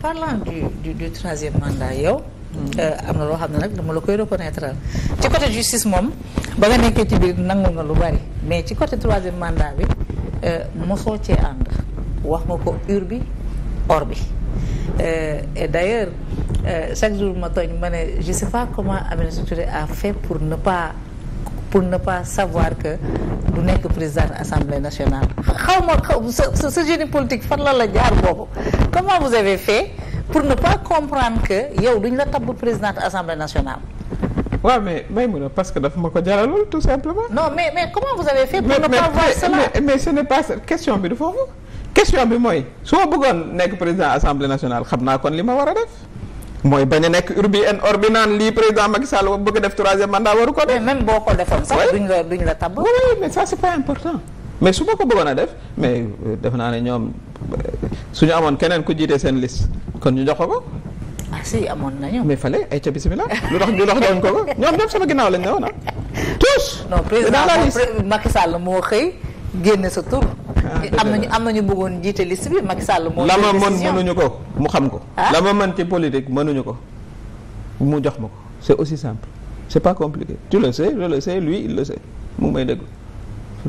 parlant du du du troisième mandat yow. Euh, am na loo xam ne nag dama la koy reconnaître ci côté justice moom ba nga nekkee ci biir nangu nga lu bari mais ci côté troisième mandat bi euh, mosoo ci ànd wax nga ko ur bi or bi euh, et d'ailleurs chaque jour ma tooñ ma ne je pas comment Aminata Touré a fait pour ne pas. pour na pas savoir que du nekk président assemblée national xaw ma xaw sa génie politique fan la la jaar boobu comment vous avez fait pour ne pas comprendre que yow duñ la tabb présidente assemblée nationale waaw ouais, mais may mun a parce que dafa ma ko jaralul tout simplement non mais mais comment vous avez fait pour mais, ne mais, pas voir cela mais, mais ce n'est pas question bi du foofu question bi mooy su ma bëggoon nekk président assemblée national xam naa kon li ma war a mooy bañ a nekk urbi en naan lii président Macky Sall bëgg a def troisième mandat waru ko def. ko defoon sax duñ la mais ça c'est pas important mais su ma ko bëggoon a def mais euh, def naa ne ñoom euh, ñu amoon keneen ku jiitee seen liste kon ñu jox ko ko. ah si amoon nañu. mais fale ay ca bisimilah lu tax ñu dox doon ko ko ñoom ñoom sama ginnaaw lañ ne woon ah. tous. non président Macky Sall moo xëy. génne sa tur. Ah, am nañu am nañu bëggoon jiite liste bi Macky Sall moo la ma mën mënuñu ko mu xam ko. Ah. la ma mën ci politique mënuñu ko mu jox ma ko c'est aussi simple c'est pas compliqué tu le sais je le sais lui il le sait mu may déglu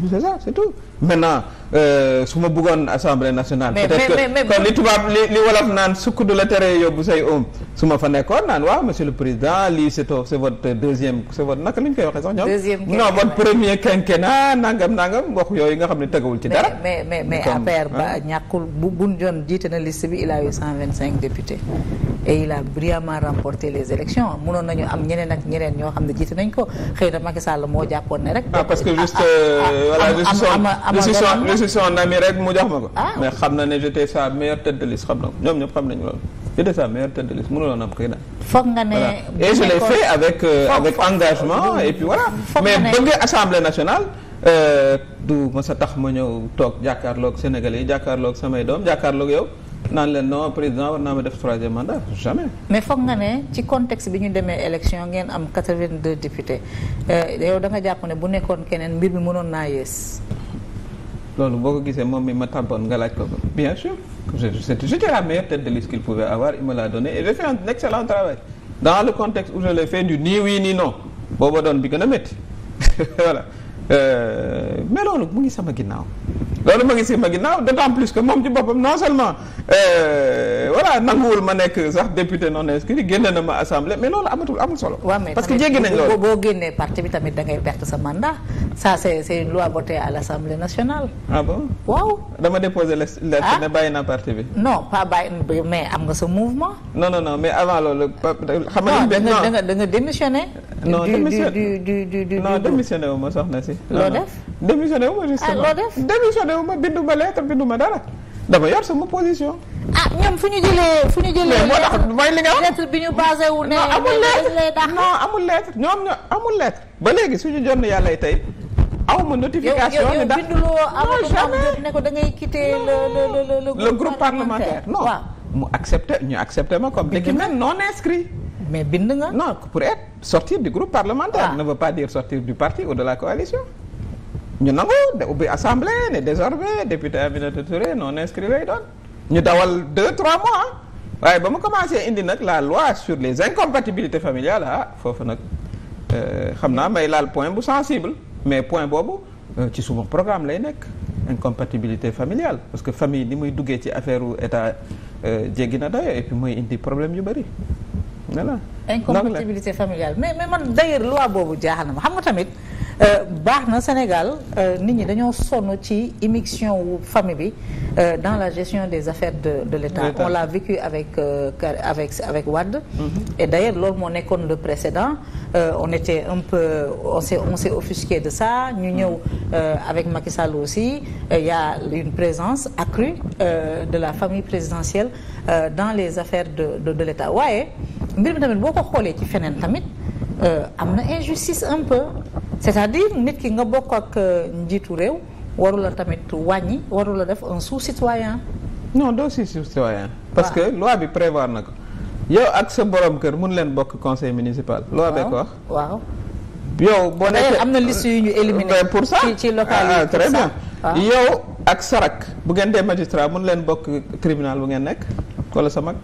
c'est ça c'est Euh, su ma bëggoon assemblée nationale. peut-être que kon li tubaab li li wolof naan sukk du la tere yóbbu say oom. su ma fa nekkoon naan waaw monsieur le président lii c'est c'est votre deuxième c'est votre naka la ñu koy waxee sax ñoom. deuxième non votre premier quinquennat nangam nangam wax yooyu nga xam ne tegawul ci dara. mais mais mais affaire ba ñàkkul bu Gunjoon jiite na liste bi il a eu 125 députés. et il a brillamment remporté les élections mënoon nañu am ñeneen ak ñeneen ñoo xam ne jiite nañ ko xëy na Macky Sall moo jàppoon ne rek. ah parce que juste voilà juste son position nami rek mu jox ma ko. Ah. mais xam na ne j'étais sa meilleure tête de liste xam na ko ñoom ñëpp xam nañu loolu. j'étais sa meilleure tête de liste am xëy na. foog nga ne du ma sa tax ma ñëw toog jàkkaarloog Sénégalais yi jàkkaarloog samay doom jàkkaarloog yow. naan leen non président war naa ma def troisième mandat jamais. mais foog nga ne ci contexte bi ñu demee élection ngeen am 82 députés euh, yow da nga ne bu nekkoon keneen mbir bi mënoon naa yées. loolu boo ko gisee moom mi ma tàmpoon nga laaj ko ko bien sûr j'étais la meilleure tête de liste qu'il pouvait avoir il me l'a donné et j'ai fait un excellent travail dans le contexte où je l'ai fait ni oui ni non booba doon bi gën a métti voilà Euh, mais loolu mu ngi sama ginnaaw loolu ma ngi sama ginnaaw d'autant plus que moom ci boppam non seulement euh, voilà nanguwul ma nekk sax député non inscrit génne na ma assemblée mais loolu amatul amul solo. parce que jéggi nañ loolu boo génnee parti bi tamit da ngay perte sa mandat ça c'est c'est une loi a à l'Assemblée nationale. ah bon waaw. dama déposé la lettre ah? ne bàyyi naa parti bi. non pas bàyyi mais am nga sa mouvement. non non non mais avant loolu. xam nga da nga da nga démissionné. non démissionné du ma soxna si. Ah, loo def démissionné wu ma justement ah loo ma bindu ma lettre bindu ma dara dama yor sama position. ah ñoom fu ñu jëlee fu ñu jëlee. moo bi ñu basé wu. nee amul lettre non amul lettre ñoom ñoo amul lettre. ba léegi suñu jonn yàlla tey aw ma notification. ne ko da ngay quitter le le le le groupe mu accepté ñu accepté ma comme. léegi même non inscrit. mais bind nga. non pour être sortir du groupe parlementaire. Ah. ne veut pas dire sortir du parti ou de la coalition. ñu nangu ubbi assemblée ne désormais député Aminata Touré non inscrit lay doon. ñu dawal deux trois mois waaye ba mu commencé indi nag la loi sur les incompatibilités familiales ah foofu nag euh, xam naa may laal point bu sensible mais point boobu euh, ci suma programme lay nekk. incompatibilité familiale parce que famille ni muy duggee ci affaire état euh, jéggi na dayo et mooy indi problème yu bëri. voilà incompatibilité familiale mais mais man d'ailleurs loi boobu jaaxal na ma xam tamit euh, baax na Sénégal euh, nit ñi dañoo sonn ci immixtion wu famille bi euh, dans la gestion des affaires de de l'État on l'a vécu avec avec avec Wade mm-hmm. et d'ailleurs loolu moo nekkoon le précédent on était un peu on s'est on de ça ñu mm-hmm. ñëw avec Macky Sall aussi il y a une présence accrue de la famille présidentielle dans les affaires de de de l'État waaye mbir mi tamit boo ko xoolee ci feneen tamit euh, am na injustice un peu c'est-à-dire nit ki nga bokk ak euh, njiitu réew waru la tamit wàññi waru la def un sous-citoyen non doo si citoyen parce que loi bi prévoir na ko yow ak sa borom kër mun leen bokk conseil municipal loi bee ko wax waaw yow boo nekkee am na liste yu ñu éliminé pour ça ci local yi ah, ah, très bien yow ak sarak bu ngeen dee magistrat mun leen bokk tribunal bu ngeen nekk wala sa mag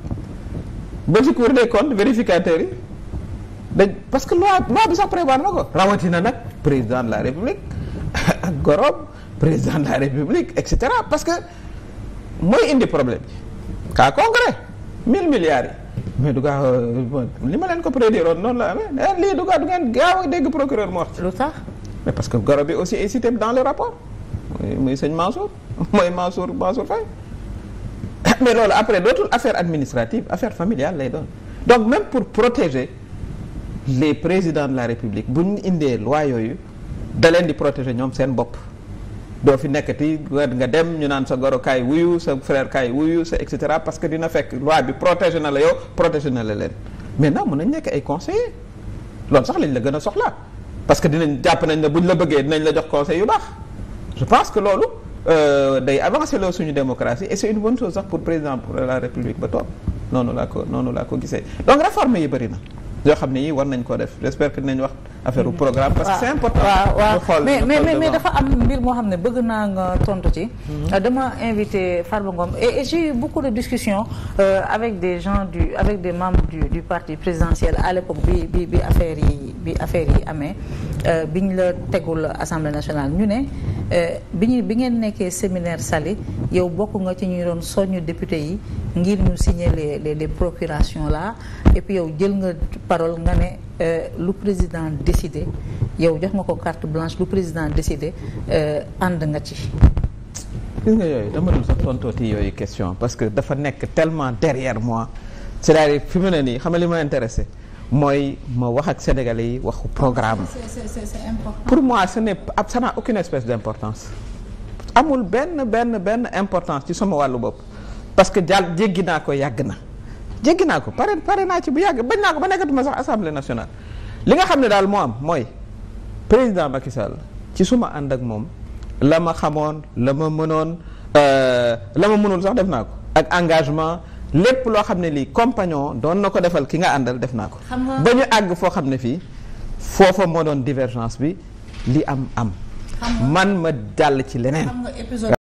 ba ci cour des comptes vérificateurs yi dañ parce que loi loi bi sax prévoir na ko rawatina nag président de la république ak gorob président de la république et parce que mooy indi problème bi cas concret mille milliards yi mais du gaa euh, li ma leen ko prédire woon noonu la amee eh, lii du gaa du ngeen gaaw a dégg procureur mu parce que gorob yi aussi est cité dans le rapport muy sëñ Mansour mooy Mansour Mansour Faye mais loolu après dootul affaire administrative affaire familiale lay doon donc même pour protéger les présidents de la république bu ñu indee loi yooyu da leen di protéger ñoom seen bopp doo fi nekk nekkati nga dem ñu naan sa goro wuyu sa frère kaay wuyu sa et cetera parce que dina fekk loi bi protéger na la yow protéger na la leen maintenant mun nañ nekk ay conseillers loolu sax lañ la gën a soxla parce que dinañ jàpp nañ ne buñ la bëggee dinañ la jox conseil yu baax je que loolu Euh, day avancer loo suñu démocratie et c'est une bonne chose sax pour président pour la république ba toog noonu laa ko noonu laa ko gisee donc réforme yi bëri na yoo xam ne yii war nañ ko def j'espère que dinañ wax affaire programme parce que c'est important waaw waaw mais mais mais dafa am mbir moo xam ne bëgg naa nga tontu ci mhm. euh, dama invité Farba Ngom et j'ai eu beaucoup de discussions euh, avec des gens du avec des membres du parti présidentiel à l'époque bi bi bi bi affaire yi amee biñ la tegul Assemblée nationale ñu ne Euh, bi ñu bi ngeen nekkee séminaire Saly yow bokk nga ci ñuy doon soññ député yi ngir ñu signer les les les procurations là et puis yow jël nga parole nga ne euh, lu président décidé yow jox nga ko carte blanche lu président décidé euh, ànd nga ci. gis nga yooyu dama dul sax tontooti yooyu question parce que dafa nekk tellement derrière moi c'est-à-dire fi mu ne nii xam nga li ma intéressé. mooy ma wax ak sénégalais yi waxu programme. pour moi ce n'est ça n'a aucune espèce d'importance amul benn benn benn importance ci sama wàllu bopp parce que jàll jéggi naa ko yàgg na jéggi naa ko pare pare naa ci bu yàgg bañ naa ko ba nekkatuma sax assemblée nationale li nga xam ne daal moo am mooy président Macky Sall ci suma ànd ak moom la ma xamoon la ma mënoon euh, la ma mënoon sax def naa ko ak engagement lépp loo xam ne lii compagnon doon na ko defal ki nga àndal def naa ko. ba ñu àgg foo xam ne fii foofa moo doon divergence bi li am am. man ma jàll ci leneen.